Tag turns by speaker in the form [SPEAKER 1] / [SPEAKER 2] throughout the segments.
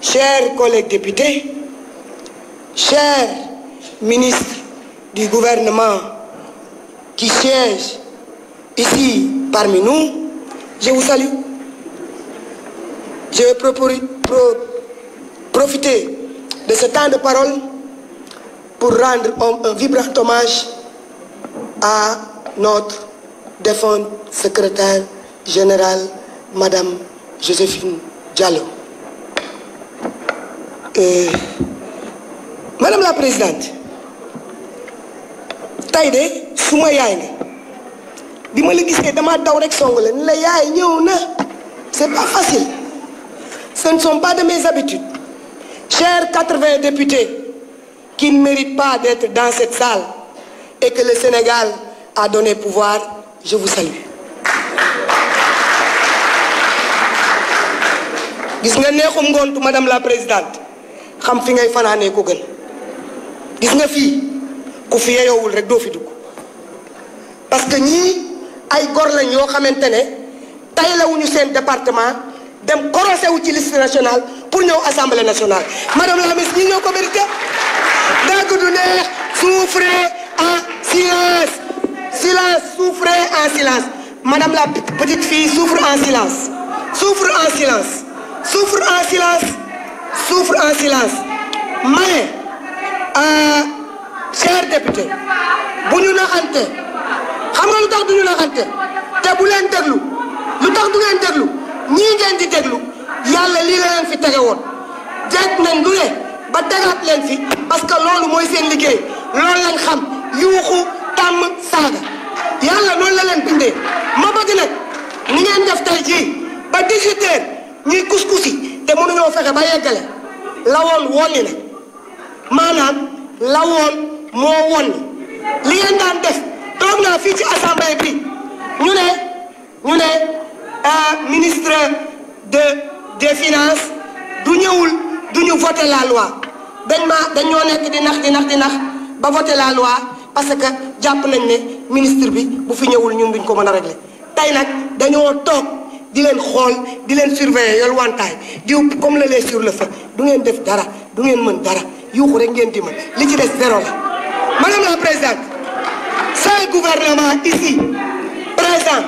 [SPEAKER 1] Chers collègues députés, chers ministres du gouvernement qui siègent ici parmi nous, je vous salue. Je de ce temps de parole pour rendre on un vibrant hommage à notre défunt secrétaire général Madame Joséphine Diallo. Euh, Madame la Présidente tey de suma ya nga bi ma la gisee dama daw rek song la ni la yaay ñëw na c'est pas facile ce ne sont pas de mes habitudes chers 80 députés qui ne méritent pas d'être dans cette salle et que le Sénégal a donné pouvoir je vous salue gis nga neexum ngoontu madame la présidente xam fi ngay fanaanee ko gën gis nga fii ku fi yeyoowul rek doo fi dugg parce que ñii ay gor lañ yoo xamante ne tay lawuñu seen département dem korosé wu ci liste nationale pour ñëw assemblée nationale madame la ministre ñi ñoo ko mérité dagg du neex souffrez en silence soufre souffrez en silence madame la petite fille souffre en silence souffre en silence souffre en silence souffre en silence ma ne euh, cher député bu ñu naxante xam nga lu tax du ñu naxante te bu leen déglu lu tax du ngeen déglu ñii ngeen di déglu yàlla lii leen fi tege woon jeeg nañ du ne ba tegaat leen fi parce que loolu mooy seen liggéey loolu lañ xam yuuxu tàmm saaga yàlla loolu la leen bindee ma bëgg nag ni ngeen def jii ba 18 ñuy kuskusi te mënuñoo fexe ba yeggale lawoon wonni na maanaam lawoon moo wonni li ngeen daan def toog naa fii ci assemblée bi ñu ne ñu ne ah, ministre de des finances du ñëwul du ñu voté la loi dañ ma dañoo nekk di nax di ba voté la loi parce que jàpp nañ ne ministre bi bu fi ñëwul ñun duñ ko mën a réglé tey nag dañoo toog. di leen xool di leen surveiller yoolu wantaay diw comme le lait sur le feu du ngeen def dara du ngeen mën dara yuuxu rek ngeen di mën li ci des zéro la madame la présidente ce gouvernement ici présent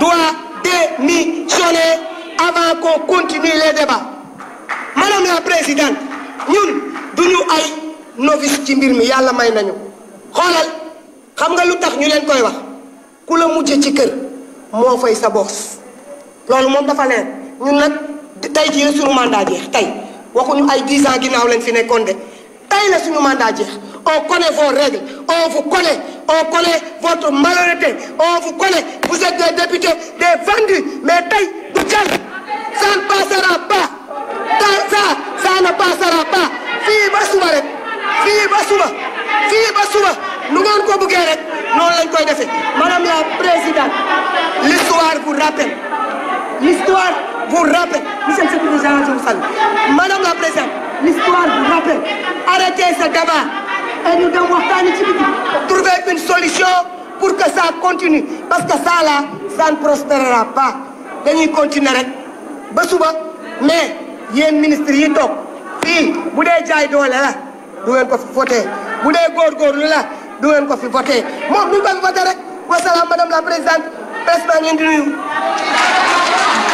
[SPEAKER 1] doit démissionner avant qu'on continue les débats madame la présidente ñun duñu ay novice ci mbir mi yàlla may nañu xoolal xam nga lu tax ñu leen koy wax ku la mujje ci kër moo fay sa boos loolu moom dafa leer ñun nag tey jii la suñu jeex tey waxuñu ay 10 ans ginnaaw lañ fi nekkoon de tey la suñu mandat jeex on connaît vos règles on vous connaît on connaît votre malhonnêteté on vous connaît vous des députés des vendus mais tey du jàll ça ne passera pas ça ça ne passera fii ba rek fii ba fii ba nu ngeen ko bëggee rek noonu lañ koy defee madame la présidente l'histoire vous rappelle l'histoire vous rappelle monsieur le secrétaire général je vous salue madame la présidente l'histoire vous rappelle arrêtez ce débat dem waxtaani ci biti trouver une solution pour que ça continue parce que ça là ça ne prospérera pas dañuy continuer rek ba suba mais yéen ministre yi toog fii bu dee jaay doole la du ngeen ko fi voté bu dee góorgóorlu la du ngeen ko moom duñ ko fi voté rek wasalaam madame la présidente presse baa ngeen di nuyu.